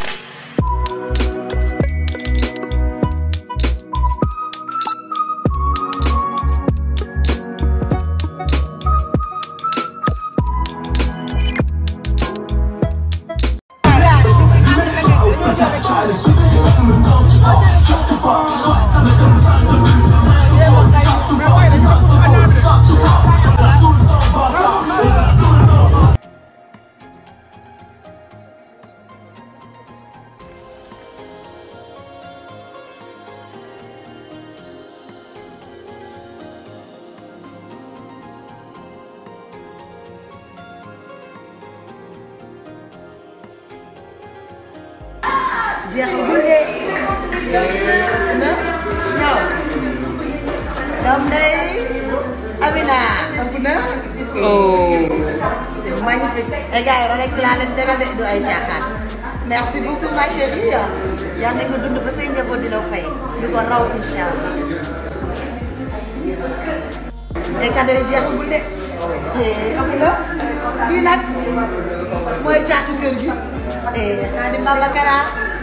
Thank you jeexal bu dee na ñaw doom day Amina ëpp na. oh. c'est magnifique. et eh, gars yi Rolex laa leen déglu du ay caaxaan. merci beaucoup ma chérie yal na nga dund ba say njaboot di la fay. lu ko raw incha allah. te eh, cadeau yi jeexagul de. eh ëpp na nag mooy caatu kër gi. eh xaadim Babacara.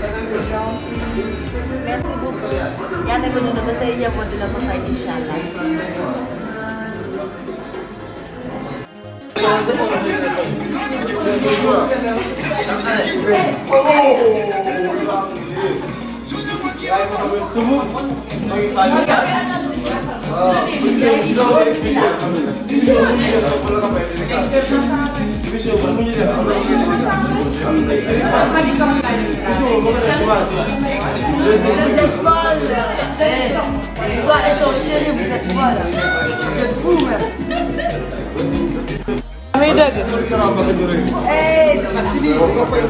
c'est gentil merci beaucoup yal na ko dund ba say njaboot dina ko fay incha allah. Vous êtes folle Toi et ton chéri, vous êtes folle Vous êtes fous même muy dëgg. hey c'est pas fini. waaw.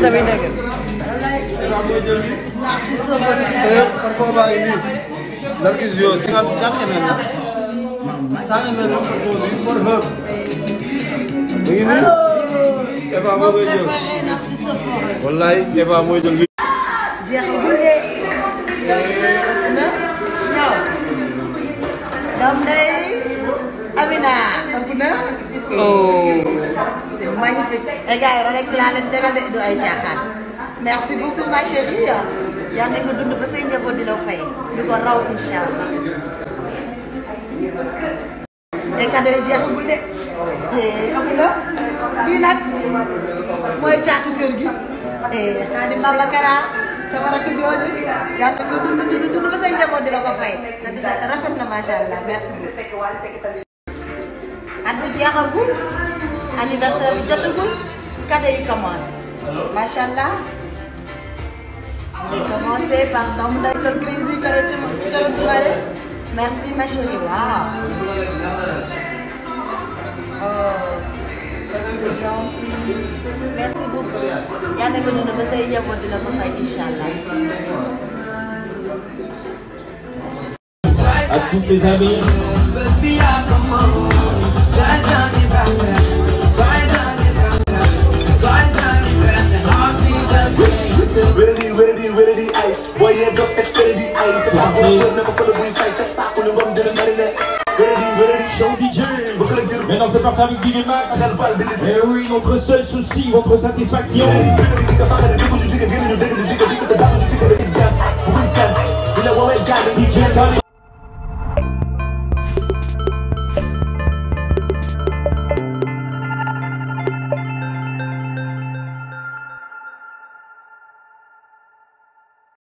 tamit dëgg. su. Sana ben onu bulayım for her. Ngi nii. Eva moo koy jël. Wallaay Eva mooy jël wi. Jeexagul de. Ñaw. Dam day Amina ëpp na. Oh. C'est magnifique. Et gars yi Rolex laa leen tegal de du ay caaxaan. Merci beaucoup ma chérie. Yàlla nga dund ba say njaboot di la fay. Lu ko raw incha allah. te cadeau yi jeexagul de amul la bii nag mooy caatu kër gi Xaadim Babakara sama rakk jooju yàlla ko dund dund dund ba say njaboot di la ko fay sa t-shirt rafet na macha merci ma chérie waaw c'est gentil merci beaucoup yàlla nga dund ba say njaboot di la ko fay incha allah. à toutes les amies. wéré di wéré di wéré di ay booy yee dof teg wéré di ay. parti avec Guy Max. Et oui, notre seul souci, votre satisfaction. Eh